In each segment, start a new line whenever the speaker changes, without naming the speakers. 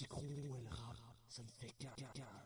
C'est cool ou elle rara, ça me fait caca.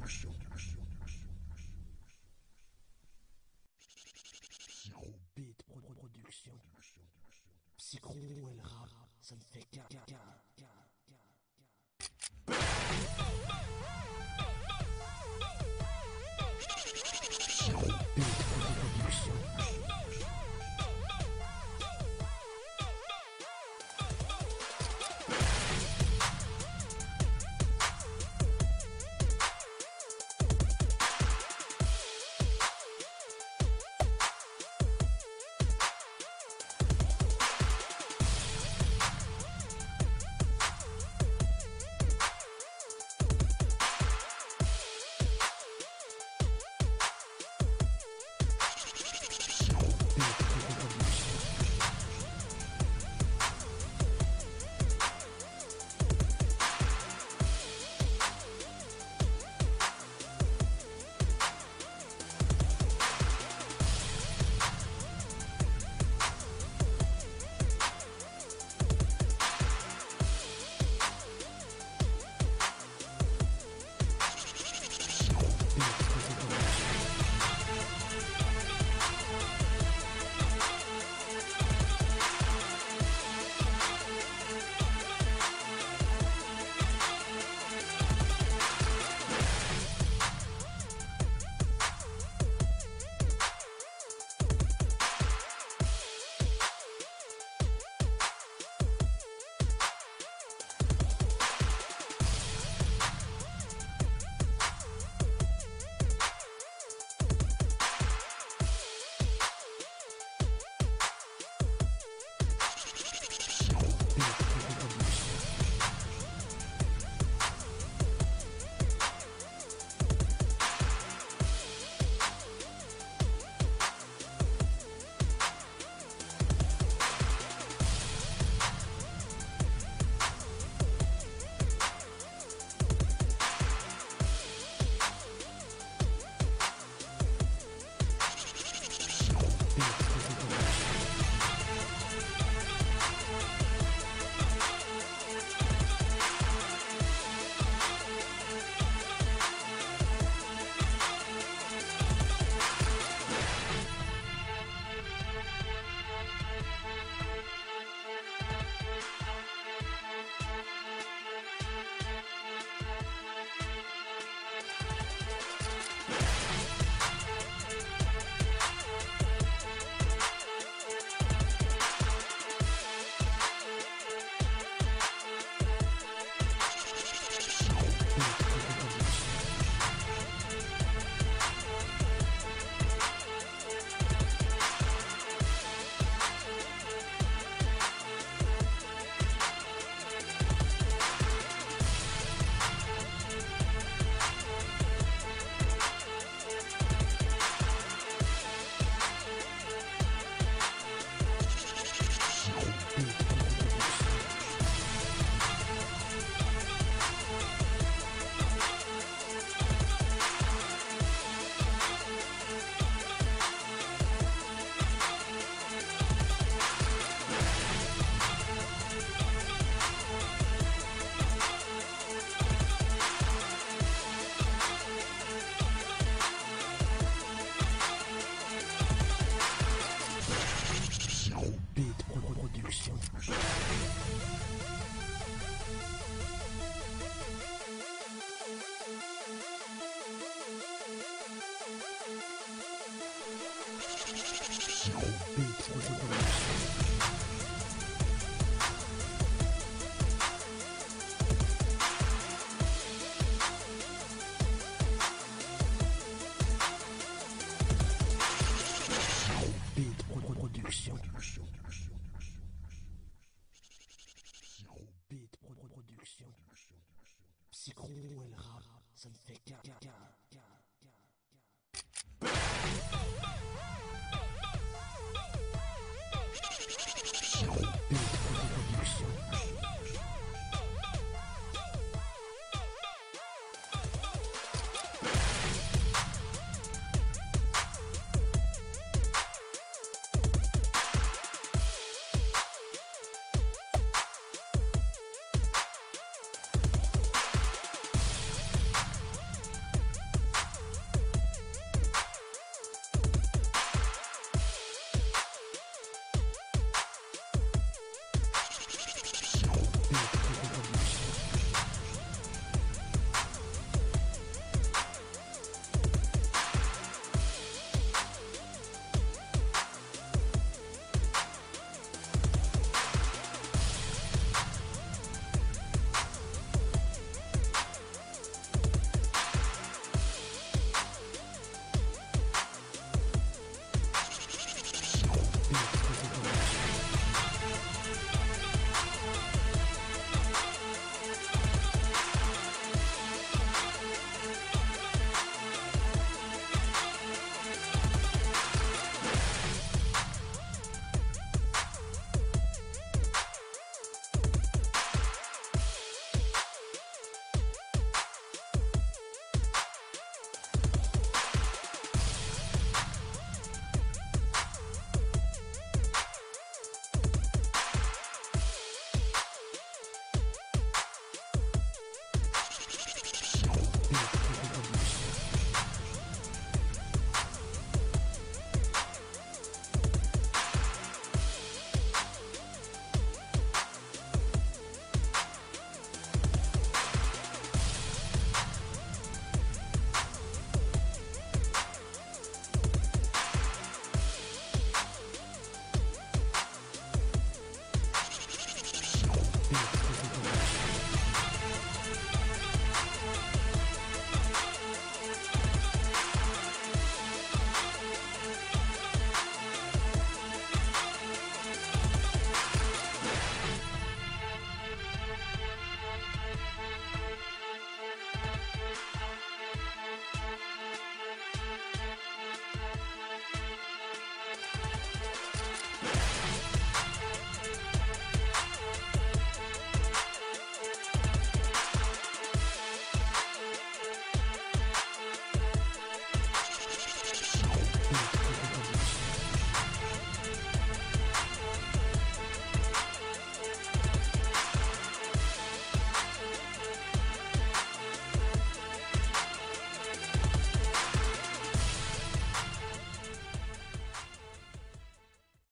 Christian, Christian.
ですよ。